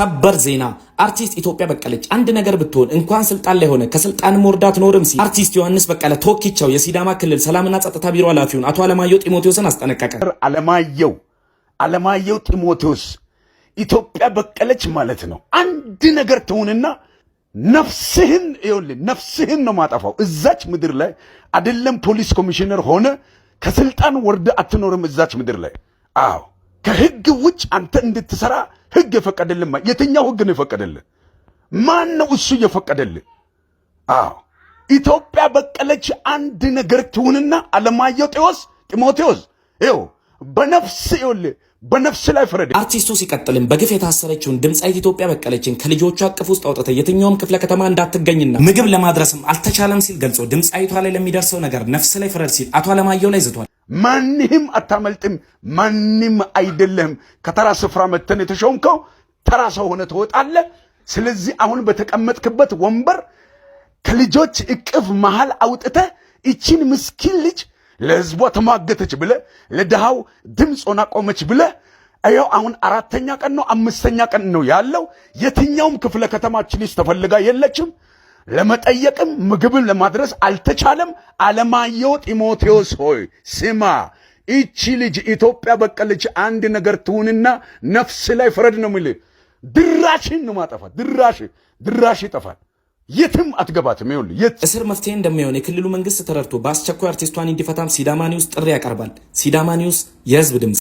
ሰበር ዜና አርቲስት ኢትዮጵያ በቀለች አንድ ነገር ብትሆን እንኳን ስልጣን ላይ ሆነ ከስልጣን ወርዳ አትኖርም ሲል አርቲስት ዮሐንስ በቀለ ተወኪቻው የሲዳማ ክልል ሰላምና ጸጥታ ቢሮ ኃላፊውን አቶ አለማየሁ ጢሞቴዎስን አስጠነቀቀ። አለማየሁ አለማየሁ ጢሞቴዎስ ኢትዮጵያ በቀለች ማለት ነው። አንድ ነገር ትሁንና ነፍስህን ይሁን ነፍስህን ነው ማጠፋው። እዛች ምድር ላይ አይደለም ፖሊስ ኮሚሽነር ሆነ ከስልጣን ወርደ አትኖርም እዛች ምድር ላይ አዎ፣ ከህግ ውጭ አንተ እንድትሰራ ህግ የፈቀደልን የትኛው ህግ ነው የፈቀደልን? ማን ነው እሱ የፈቀደልን? አዎ ኢትዮጵያ በቀለች አንድ ነገር ትሁንና አለማየው ጤዎስ ጢሞቴዎስ ይው በነፍስ ይውል በነፍስ ላይ ፍረድ። አርቲስቱ ሲቀጥልም በግፍ የታሰረችውን ድምፃዊት ኢትዮጵያ በቀለችን ከልጆቿ አቅፍ ውስጥ አውጥተ የትኛውም ክፍለ ከተማ እንዳትገኝና ምግብ ለማድረስም አልተቻለም ሲል ገልጾ ድምፃዊቷ ላይ ለሚደርሰው ነገር ነፍስ ላይ ፍረድ ሲል አቶ አለማየሁ ላይ ዝቷል። ማንህም አታመልጥም። ማንም አይደለህም። ከተራ ስፍራ መተን የተሾምከው ተራ ሰው ሆነ ትወጣለህ። ስለዚህ አሁን በተቀመጥክበት ወንበር ከልጆች እቅፍ መሃል አውጥተህ እቺን ምስኪን ልጅ ለህዝቧ ተሟገተች ብለ ለድሃው ድምፅ ሆና ቆመች ብለ ያው አሁን አራተኛ ቀን ነው አምስተኛ ቀን ነው ያለው። የትኛውም ክፍለ ከተማችን ውስጥ ተፈልጋ የለችም። ለመጠየቅም ምግብን ለማድረስ አልተቻለም። አለማየሁ ጢሞቴዎስ ሆይ ስማ፣ ይቺ ልጅ ኢትዮጵያ በቀለች አንድ ነገር ትሁንና ነፍስ ላይ ፍረድ ነው የሚል ድራሽን ነው ማጠፋት። ድራሽ ድራሽ ይጠፋል። የትም አትገባትም። ይኸውልህ እስር መፍትሄ እንደማይሆን የክልሉ መንግስት ተረድቶ በአስቸኳይ አርቲስቷን እንዲፈታም ሲዳማ ኒውስ ጥሪ ያቀርባል። ሲዳማ ኒውስ የህዝብ ድምፅ